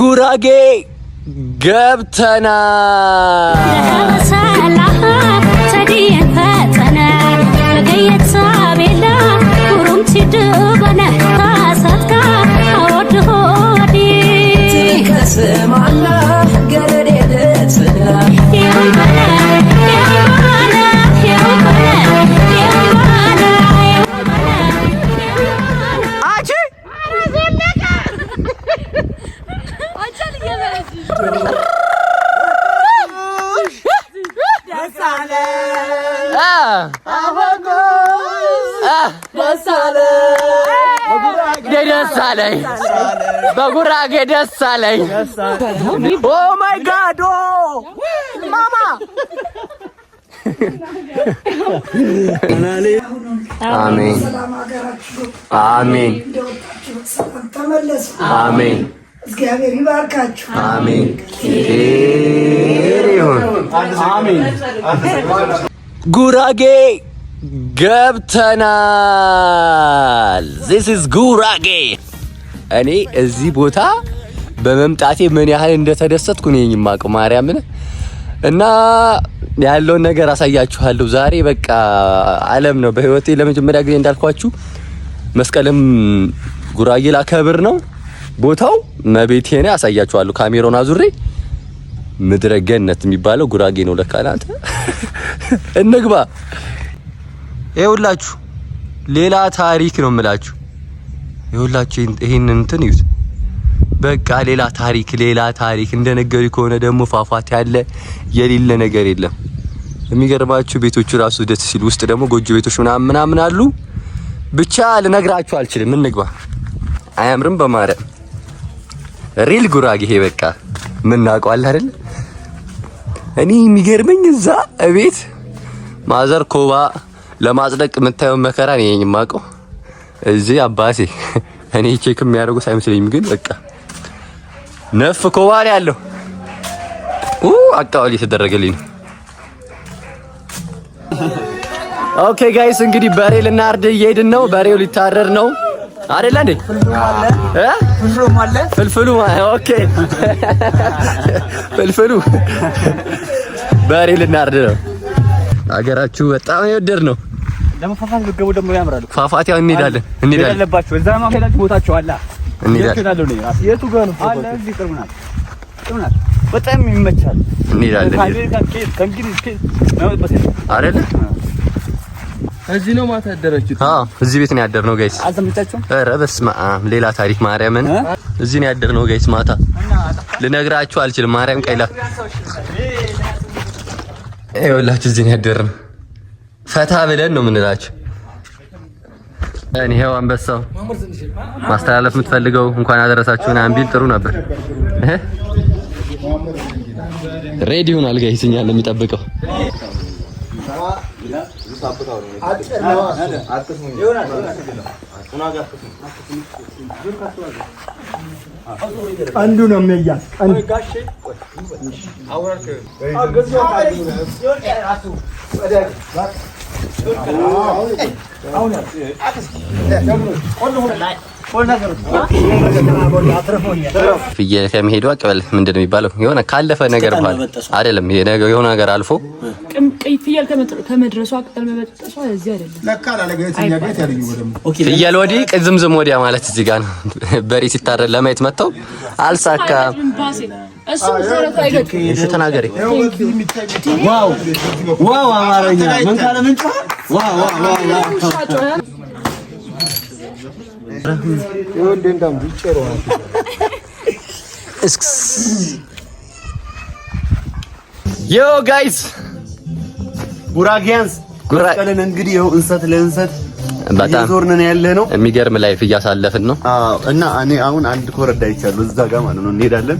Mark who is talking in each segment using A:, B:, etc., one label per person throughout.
A: ጉራጌ ገብተና ደስ አለኝ በጉራጌ ደስ ኦ ማይ ጋዶ ማማ አሜን አሜን አሜን። እግዚአብሔር ይባርካችሁ። አሜን ይሁን። ጉራጌ ገብተናል። ዚስ ኢዝ ጉራጌ። እኔ እዚህ ቦታ በመምጣቴ ምን ያህል እንደተደሰትኩ ነው የማውቀው። ማርያምን እና ያለውን ነገር አሳያችኋለሁ ዛሬ። በቃ አለም ነው በህይወቴ ለመጀመሪያ ጊዜ እንዳልኳችሁ መስቀልም ጉራጌ ላከብር ነው። ቦታው መቤቴ ነው። አሳያችኋለሁ ካሜራውን አዙሬ ምድረ ገነት የሚባለው ጉራጌ ነው ለካ። አንተ እንግባ። ይኸውላችሁ ሌላ ታሪክ ነው የምላችሁ። ይኸውላችሁ ይሄን እንትን ይዩት። በቃ ሌላ ታሪክ ሌላ ታሪክ። እንደነገሩ ከሆነ ደግሞ ፏፏቴ ያለ የሌለ ነገር የለም። የሚገርማችሁ ቤቶቹ ራሱ ደስ ሲል፣ ውስጥ ደግሞ ጎጆ ቤቶች ምናምን ምናምን አሉ። ብቻ ልነግራችሁ አልችልም። እንግባ። አያምርም? በማርያም ሪል ጉራጌ ይሄ በቃ ምን አይደል? እኔ የሚገርመኝ እዛ እቤት ማዘር ኮባ ለማጽደቅ የምታየውን መከራ ነኝ የማውቀው። እዚህ አባሴ እኔ ቼክ የሚያደርጉ አይመስለኝም፣ ግን በቃ ነፍ ኮባ ላይ ያለው አቃዋል የተደረገልኝ ነው። ኦኬ ጋይስ እንግዲህ በሬ ልናርድ እየሄድን ነው። በሬው ሊታረድ ነው። አይደለ እንዴ? ፍልፍሉ ኦኬ፣ ፍልፍሉ በሬ ልናርድ ነው። አገራችሁ በጣም የወደድ ነው። ደግሞ ፏፏቴ ያምራሉ። እንሄዳለን እንሄዳለን ያለባችሁ
B: እዛ ማም ቦታችሁ አላ የቱ እዚህ በጣም ይመቻል።
A: እንሄዳለን አይደለ
B: እዚህ ነው ማታ ያደረችው።
A: አዎ እዚህ ቤት ነው ያደርነው ጋይስ። አልተመቻችሁም? ኧረ በስመ አብ ሌላ ታሪክ ማርያምን። እዚህ ነው ያደርነው ጋይስ። ማታ ልነግራችሁ አልችልም። ማርያም ቀይላ ይኸውላችሁ፣ እዚህ ነው ያደርነው። ፈታ ብለን ነው የምንላችሁ። እኔ ይኸው አንበሳው ማስተላለፍ የምትፈልገው እንኳን አደረሳችሁ ምናምን ቢል ጥሩ ነበር። ሬዲ ሆኗል ጋይስ፣ እኛን ነው የሚጠብቀው።
B: ቀንዱ ነው የሚያዝ።
A: ፍየል ከመሄዷ ምንድን ነው የሚባለው? የሆነ ካለፈ ነገር በኋላ አይደለም የሆነ ነገር አልፎ
C: ፍየል ከመድረሷ ቅጠል መበጠሷ እዚህ አይደለም።
A: ፍየል ወዲህ ቅዝምዝም ወዲያ ማለት እዚህ ጋር ነው። በሬ ሲታረድ ለማየት መጥተው አልሳካም። ተናገሪ። ዋው አማርኛ ምን ካለ ምን ዮ ጋይስ
B: ጉራጌያንስ መስቀልን እንግዲህ ይኸው እንሰት ለእንሰት በጣም ዞርነን ያለ ነው።
A: የሚገርም ላይፍ እያሳለፍን ነው።
B: አዎ። እና እኔ አሁን አንድ ኮረዳ ይቻለሁ እዛ ጋር ማለት ነው እንሄዳለን።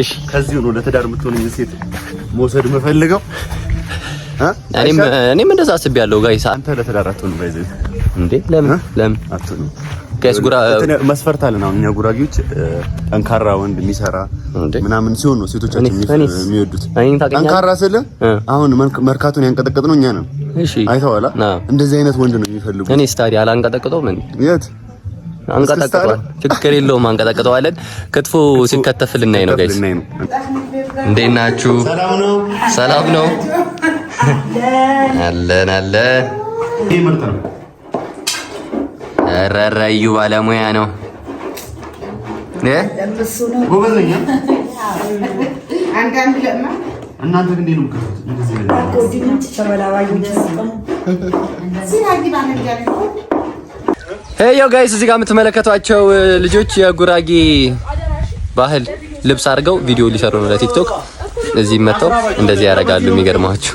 B: እሺ። ከዚህ ነው ለትዳር የምትሆን ሴት መውሰድ የምፈልገው።
A: እኔም እንደዛ አስቤያለሁ። ጋይስ
B: አንተ ለትዳር አትሆንም። ባይዘ
A: እንዴ? ለምን ለምን
B: አትሆንም? መስፈርት አለን። አሁን እኛ ጉራጌዎች ጠንካራ ወንድ የሚሰራ ምናምን ሲሆን ነው ሴቶቻችን የሚወዱት። ጠንካራ ስለ አሁን መርካቶን ያንቀጠቀጥ ነው እኛ ነን። አይተዋላ እንደዚህ አይነት ወንድ ነው የሚፈልጉት።
A: እኔ ስታዲያ አላንቀጠቅጠው ምን የት አንቀጠቅጠዋል። ችግር የለውም አንቀጠቅጠዋለን። ክትፎ ሲከተፍ ልናይ ነው። ጋይስ እንዴት ናችሁ? ሰላም ነው አለን አለ ረረዩ ባለሙያ ነው። ያው ጋይስ እዚህ ጋር የምትመለከቷቸው ልጆች የጉራጌ ባህል ልብስ አድርገው ቪዲዮ ሊሰሩ ነው ለቲክቶክ። እዚህ መጥተው እንደዚህ ያደርጋሉ። የሚገርማችሁ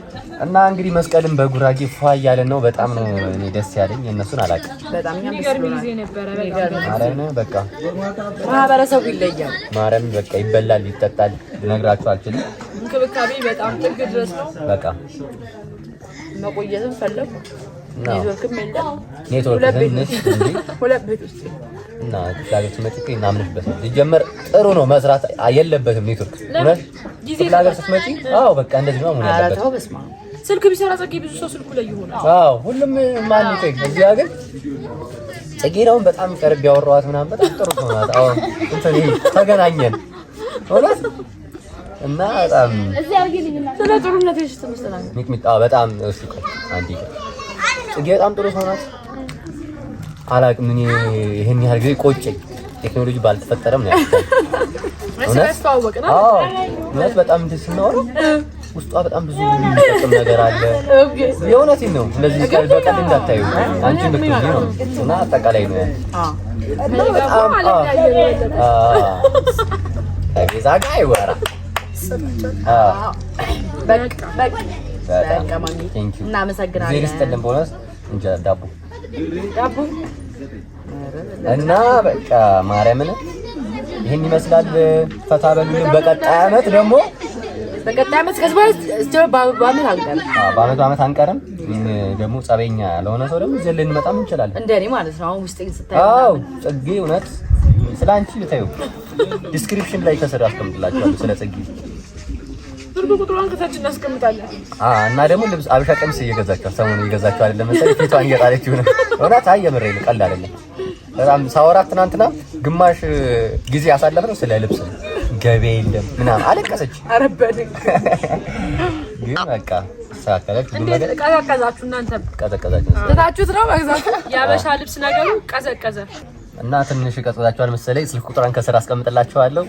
A: እና እንግዲህ መስቀልን በጉራጌ ፏ እያለን ነው። በጣም ነው እኔ ደስ ያለኝ። የእነሱን አላውቅም። በጣም በቃ
C: ማህበረሰቡ ይለያል።
A: ማረም በቃ ይበላል፣ ይጠጣል። ልነግራችሁ አልችልም።
C: እንክብካቤ በጣም ጥግ ድረስ ነው። በቃ መቆየትም ፈለጉ
A: ሲጀመር ጥሩ ነው መስራት የለበትም ኔትወርክ። ስትመጪ አዎ በቃ እንደዚህ ነው መሆን
B: ያለበት።
C: ስልክ ቢሰራ ጽጌ ብዙ ሰው ስልኩ ላይ ይሆናል።
A: አዎ ሁሉም ማን ይጠይቅ። እዚህ ሀገር ጽጌ አሁን በጣም ቀርብ ያወራኋት ምናምን በጣም ጥሩ ሆናት። አሁን እንትን ተገናኘን እውነት እና በጣም
C: ስለ ጥሩነት ሽት መስላል
A: ሚጥሚጣ በጣም እሱ አንዲ ጽጌ በጣም ጥሩ ሰው ናት። አላቅም ምን ይሄን ያህል ጊዜ ቆጨኝ። ቴክኖሎጂ ባልተፈጠረም ነው ያለው እውነት በጣም ደስ ነው ውስጧ በጣም ብዙ የሚጠቅም ነገር አለ። የእውነቴን ነው። እንደዚህ ቀል በቀል እንዳታዩ አንቺ ልክ ነው እና አጠቃላይ ነው ቤዛ ጋ ይወራ
C: እናመሰግናለን።
A: ቦነስ እንጀራ ዳቦ ዳቦ እና በቃ ማርያምን ይህን ይመስላል። ፈታ በሉልን። በቀጣይ አመት ደግሞ
C: በቀጣይ ዓመት ከዚህ በኋላ
A: አንቀርም፣ ደግሞ ጸበኛ ለሆነ ሰው ደግሞ ዘለን ልንመጣም እንችላለን።
C: እንደ ማለት ነው። አሁን ውስጥ
A: ስታይ ጽጌ እውነት ስለ አንቺ ልታዩ ዲስክሪፕሽን ላይ ተሰራ አስቀምጥላችኋለሁ ስለ ጽጌ
C: ብርዱ ቁጥሯን ከታች እናስቀምጣለን።
A: እና ደግሞ ልብስ አብሻ ቀሚስ እየገዛችሁ ሰሞኑን እየገዛችሁ አይደለም መሰለኝ ፊቷን እየጣለች ይሁን እውነት። አይ የምሬን ቀላል አይደለም በጣም ሳወራት ትናንትና ግማሽ ጊዜ አሳለፍነው ስለ ልብስ ነው። ገበያ የለም ምናምን አለቀሰች።
C: ግን በቃ ቀዘቀዛችሁ፣ እናንተ ቀዘቀዛችሁ፣ ትታችሁት ነው መግዛቱ። የአበሻ ልብስ ነገሩ ቀዘቀዘ
A: እና ትንሽ ቀዘቀዛችኋል መሰለኝ። ስልክ ቁጥራን ከስር አስቀምጥላችኋለሁ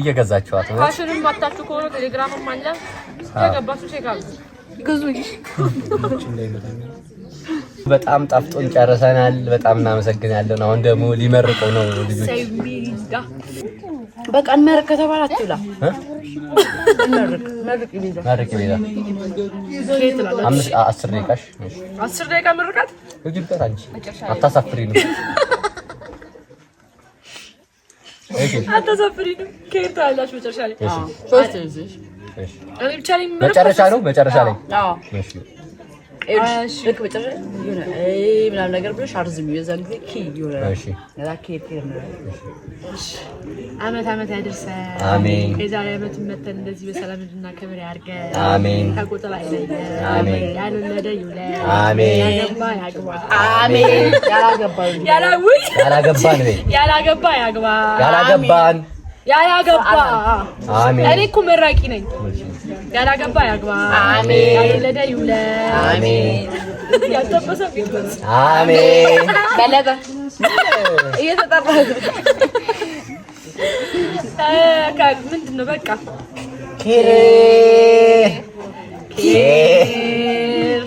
A: እየገዛችኋት ነው።
C: ፋሽንም አታችሁ ከሆነ ቴሌግራምም አለ ገባችሁ፣ ቼክ አሉ ግዙ
A: በጣም ጣፍጦን ጨርሰናል። በጣም እናመሰግናለን። አሁን ደግሞ ሊመርቀው ነው
C: ልጆች። በቃ እንመርቅ ከተባላችሁላ መርቅ ቤዛ አስር ደቂቃሽ አስር ደቂቃ ምርቃት
A: እጅበት አንቺ አታሳፍሪ ነው
C: አታሳፍሪ ነው መጨረሻ ላይ
A: መጨረሻ ነው መጨረሻ ላይ
C: ልክ መጨረሻ የሆነ ምናምን ነገር ብሎ ሻርዝም የዛን ጊዜ ኪ ይሆናል። አመት አመት ያደርሰን። የዛሬ አመት መተን እንደዚህ በሰላም እንድናከብር
A: ያድርገን።
C: ከቁጥር አይለየን። ያልወለደ ይውለድ። አሜን። ያገባ ያግባ። ያላገባ ያላገባ። እኔ እኮ መራቂ ነኝ። ያላገባ ያግባ፣ ያልወለደ
A: ይውለድ፣
C: ያልጠበሰ ቢጠበስ። በለጠ እየተጠራህ ምንድን ነው? በቃ
A: ኪር ኪር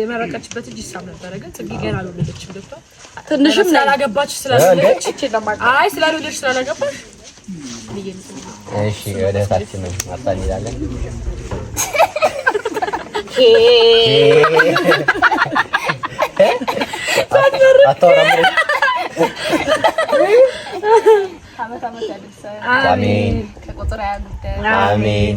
C: የመረቀችበት እጅ ይሳም ነበረ፣ ግን ጽጌ ገና አልወለደችም። ገብቷል። ትንሽም ስላላገባች ስላልወለደች አይ ስላልወለደች ስላላገባች
A: እሺ፣ ወደ እህታችን ማታ እንሄዳለን። አሜን።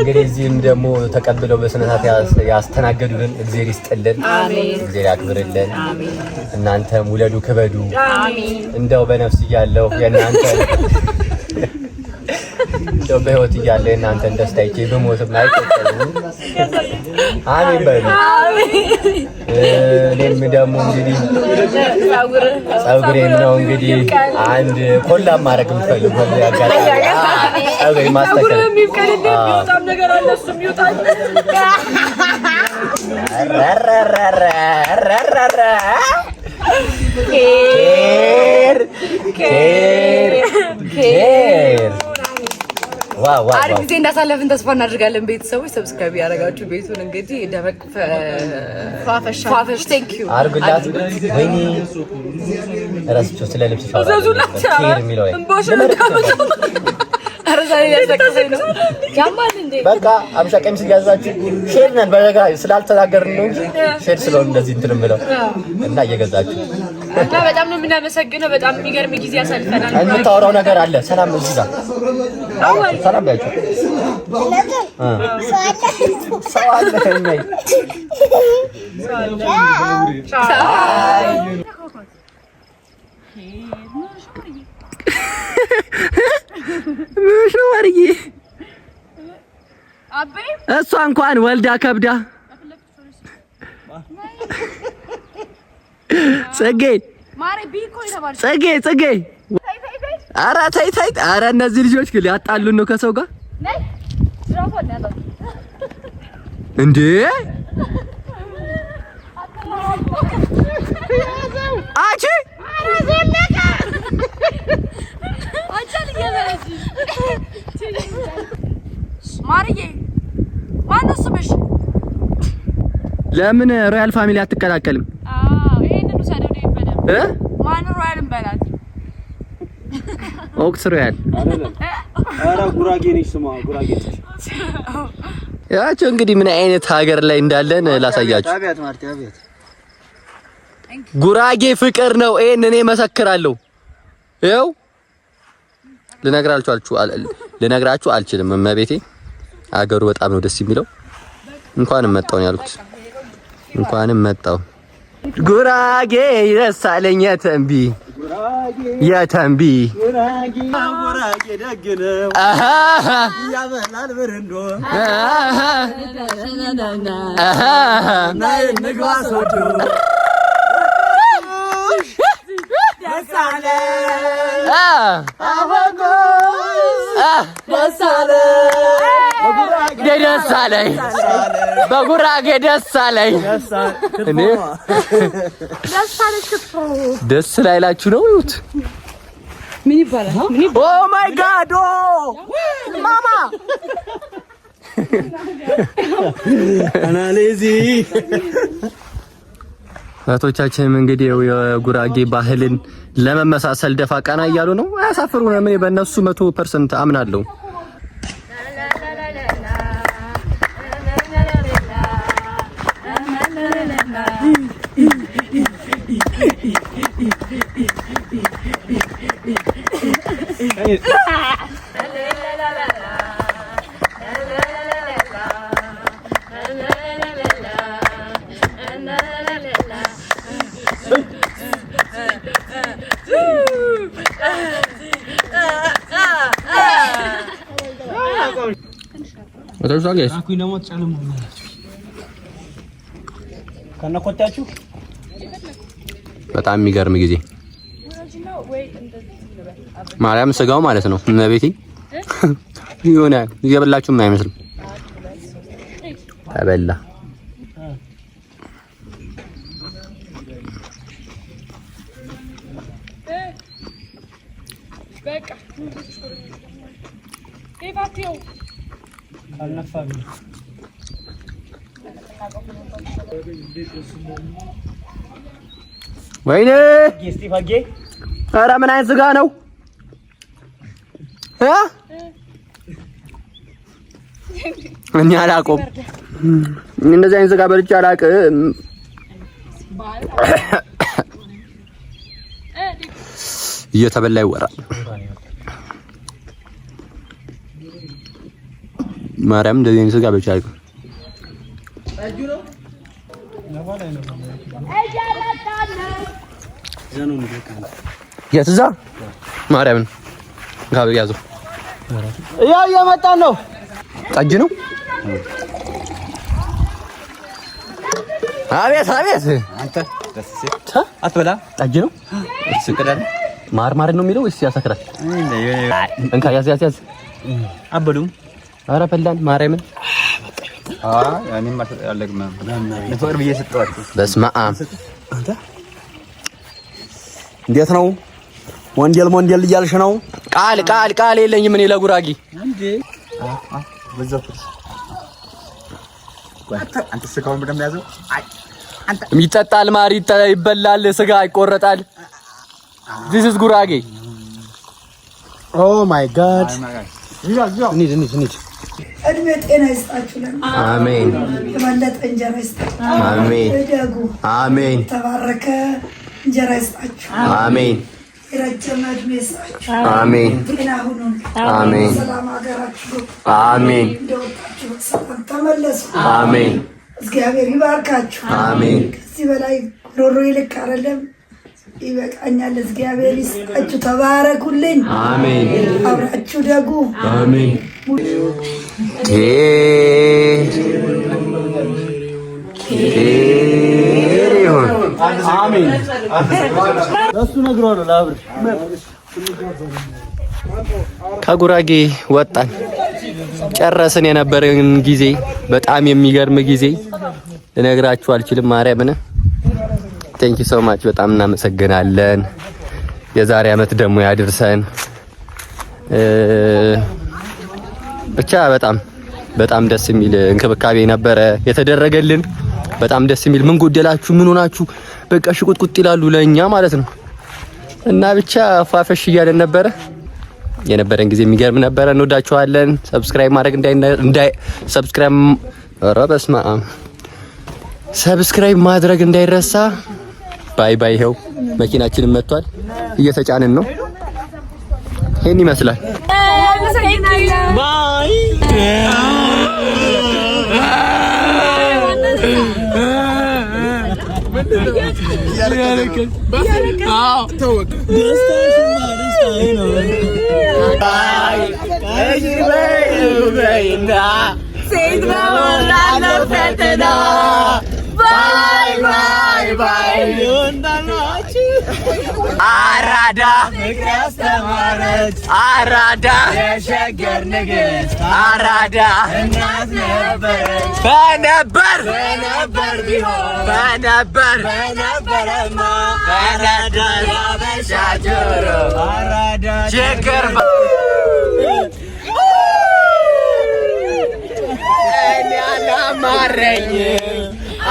A: እንግዲህ እዚህም ደግሞ ተቀብለው በስነታት ያስተናገዱልን እግዜር ይስጥልን፣ እግዜር ያክብርልን። እናንተም ውለዱ ክበዱ። እንደው በነፍስ እያለሁ የእናንተ እንደው በህይወት እያለ የእናንተን ደስታ ይቼ በሞትም ላይ አሜን በሉ። እኔም ደግሞ እንግዲህ ጸጉሬም ነው እንግዲህ አንድ ኮላ ማድረግ የምፈልግ ያጋጣሚ
C: ነገር አሪፍ ጊዜ እንዳሳለፍን ተስፋ እናደርጋለን። ቤተሰቦች ሰብስክራይብ ያደረጋችሁ ቤቱን እንግዲህ ደመቅ ፋፈሽ ቴንክ ዩ
A: አርጉላት። ወይኔ እረስቸው ስለ ልብስ ሻ ሚለው በቃ አብሻ ቀሚስ እያዛችሁ ሼር ነን በረጋ ስላልተናገርን ነው እንጂ ሼር ስለሆነ እንደዚህ እንትን ብለው እና እየገዛችሁ
C: እና በጣም ነው የምናመሰግነው። በጣም የሚገርም ጊዜ ያሳልፈናል።
A: የምታወራው ነገር አለ። ሰላም እዚህ ጋር ሰላም ያችሁ ሰው አለ ሰው ማርዬ እሷ እንኳን ወልዳ ከብዳ ጽጌ ጽጌ ጽጌ ኧረ ተይ ተይ ኧረ እነዚህ ልጆች ግን ሊያጣሉን ነው ከሰው ጋር እንዴ አቺ
C: ማርዬ ማነው ስምሽ?
A: ለምን ሮያል ፋሚሊ አትቀላቀልም? አዎ ኦክስ ሮያል ያቸው እንግዲህ ምን አይነት ሀገር ላይ እንዳለን ላሳያችሁ። ጉራጌ ፍቅር ነው። ይሄን እኔ መሰክራለሁ። ይኸው ልነግራችሁ ልነግራችሁ አልችልም። እመቤቴ አገሩ በጣም ነው ደስ የሚለው። እንኳንም መጣው ነው ያልኩት። እንኳንም መጣው። ጉራጌ ይረሳለኝ የተንቢ የተንቢ
B: ጉራጌ ያበላል ብርንዶ ናይ
A: ደስ አለኝ በጉራጌ ደስ አለኝ። ደስ ላይላችሁ ነው
C: ምን ይባላል?
A: ኦ ማይ ጋድ ማማ አናሌዚ እህቶቻችንም እንግዲህ የጉራጌ ባህልን ለመመሳሰል ደፋ ቀና እያሉ ነው። ነው። እኔ በእነሱ መቶ ፐርሰንት አምናለሁ። መታችሁታል ጋይስ። አኩኝ ደግሞ ተጨለሙ ማለት
B: ከነኮታችሁ
A: በጣም የሚገርም ጊዜ ማርያም ስጋው ማለት ነው። እመቤቴ ይሆናል እየበላችሁ አይመስልም ተበላ አልነፋም። ወይኔ ኧረ ምን አይነት ስጋ ነው? እኔ አላውቀውም። እንደዚህ አይነት ስጋ በልቼ አላውቅም። እየተበላ ይወራል። ማርያም እንደዚህ አይነት ስጋ ብቻ አይቀር የትዛ ማርያምን ጋብ እየመጣን ነው። ጠጅ ነው። አቤት አቤት።
B: አንተ አትበላ።
A: ጠጅ ነው። ማር ማር ነው የሚለው ወይስ ያሰክራል? እንካ ያዝ ያዝ ያዝ። አበሉም አረ በላን ማርያምን እንዴት ነው? ወንጀል ወንጀል እያልሽ ነው? ቃል ቃል ቃል የለኝም እኔ ለጉራጌ ይጠጣል፣ ማር ይበላል፣ ስጋ ይቆረጣል። ዚስ ኢዝ ጉራጌ ኦ oh ማይ ጋድ
D: እድሜ ጤና ይስጣችሁ። አሜን። የበለጠ እንጀራ ይስጣችሁ። አሜን። እደጉ። አሜን። ተባረከ እንጀራ ይስጣችሁ። አሜን። የረጀመ እድሜ ይስጣችሁ። አሜን። ጤና ሁኑ። አሜን። ሰላም ሀገራችሁ።
A: አሜን። እንደወጣችሁ ሰላም ተመለሱ። አሜን።
D: እግዚአብሔር ይባርካችሁ። አሜን። ከዚህ በላይ ሮሮ ይልቅ አይደለም ይበቃኛል። እግዚአብሔር ይስጣችሁ። ተባረኩልኝ። አሜን። አብራችሁ ደጉ።
A: አሜን። ከጉራጌ ወጣን ጨረስን። የነበረን ጊዜ በጣም የሚገርም ጊዜ ልነግራችሁ አልችልም። ማርያምን ቴንኪ ማች በጣም እናመሰግናለን። የዛሬ አመት ደግሞ ያድርሰን። ብቻ በጣም በጣም ደስ የሚል እንክብካቤ ነበረ የተደረገልን። በጣም ደስ የሚል ምን ጎደላችሁ ምን ሆናችሁ በቃ ሽቁጥቁጥ ይላሉ ለኛ ማለት ነው። እና ብቻ ፏፈሽ እያለን ነበረ የነበረን ጊዜ የሚገርም ነበረ። እንወዳችኋለን። ሰብስክራይብ ማድረግ እንዳይ እንዳይ ሰብስክራይብ ረበስማ ሰብስክራይብ ማድረግ እንዳይረሳ። ባይ ባይ። ይኸው መኪናችን መጥቷል፣ እየተጫንን ነው። ይህን ይመስላል። ሴት በሞላ ነው ፈተና አራዳ
D: ፍቅር ያስተማረች
A: አራዳ
D: የሸገር ንግሥት አራዳ እናት ነበረች
A: በነበር
D: በነበር ቢሆን
A: በነበር
D: በነበረማ
A: በነዳ
D: ያበሻ ጆሮ
A: አራዳ ችግር እኔ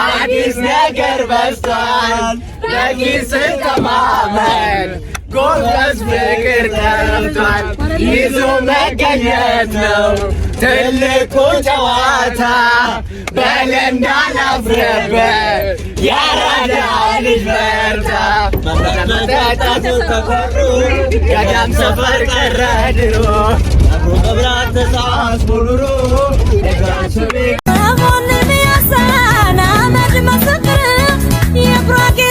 A: አዲስ ነገር በስቷል በኪስ ተማመን ጎበዝ ፍቅር ቀርቷል ይዞ መገኘት ነው ትልቁ ጨዋታ በለንዳ ላፍረበት ያራዳ ልጅ በርታ መጠጣቱ ከፈሩ ገዳም ሰፈር ቀረ ድሮ ቀብራት ተሳስ ሙሉሩ ደጋሱ Ima sakra, je